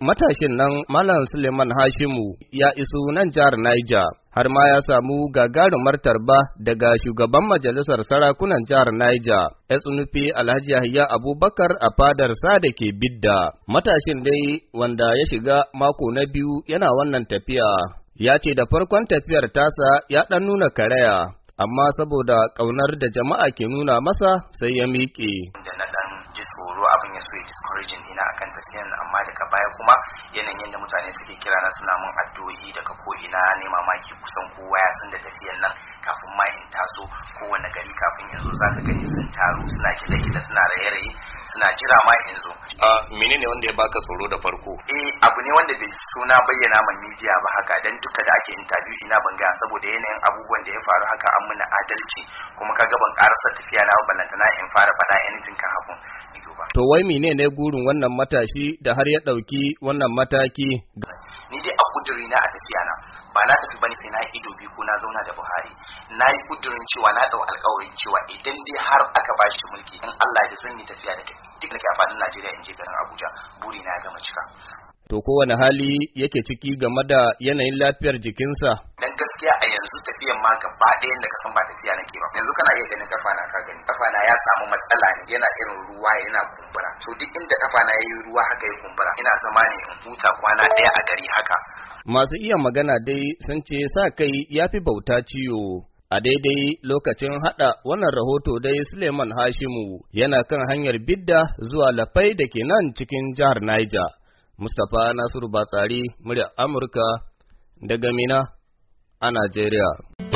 Matashin nan Malam Suleiman Hashimu ya iso nan jihar Niger, har ma ya samu gagarumar tarba daga shugaban majalisar sarakunan jihar Niger, SNP Alhaji Yahya Abubakar a fadar sa da ke bidda. Matashin dai wanda ya shiga mako na biyu yana wannan tafiya. Ya ce da farkon tafiyar tasa ya dan nuna karaya, amma saboda ƙaunar da jama'a ke nuna masa sai ya miƙe. tsoro abin ya so ya discouraging ina akan tafiyan amma daga baya kuma yanayin yadda mutane suke kira na suna mun addu'o'i daga ko ina ne mamaki kusan kowa ya san da tafiyan nan kafin ma in taso kowane gari kafin in zo zaka gani sun taru suna kida-kida suna raye-raye suna jira ma in zo. menene wanda ya baka tsoro da farko? eh abu ne wanda bai suna bayyana ma media ba haka dan duka da ake interview ina ban ga saboda yanayin abubuwan da ya faru haka an muna adalci kuma kaga ban karasa tafiya na ballantana in fara faɗa anything kan hakun ido ba. To wai mene ne gurin wannan matashi da har ya ɗauki wannan mataki? Ni dai a kudiri na a tafiya na ba na tafi bane sai na ido biyu ko na zauna da Buhari. Na yi kudurin cewa na ɗau alƙawarin cewa idan dai har aka ba shi mulki in Allah ya zan yi tafiya da kai, duk da ke a Najeriya in je garin Abuja buri na ya gama cika. To kowane hali yake ciki game da yanayin lafiyar jikinsa? su tafiyan ma gaba ɗaya da ka san ba tafiya nake ba yanzu kana iya ganin kafa na ka gani kafa na ya samu matsala ne yana irin ruwa yana kumbura to duk inda kafa na yayi ruwa haka ya kumbura ina zama ne in huta kwana ɗaya a gari haka masu iya magana dai sun ce sa kai ya fi bauta ciwo A daidai lokacin haɗa wannan rahoto dai Suleiman Hashimu yana kan hanyar bidda zuwa lafai da ke nan cikin jihar Niger. Mustapha Nasiru Batsari, murya Amurka, daga Mina. a Nigeria.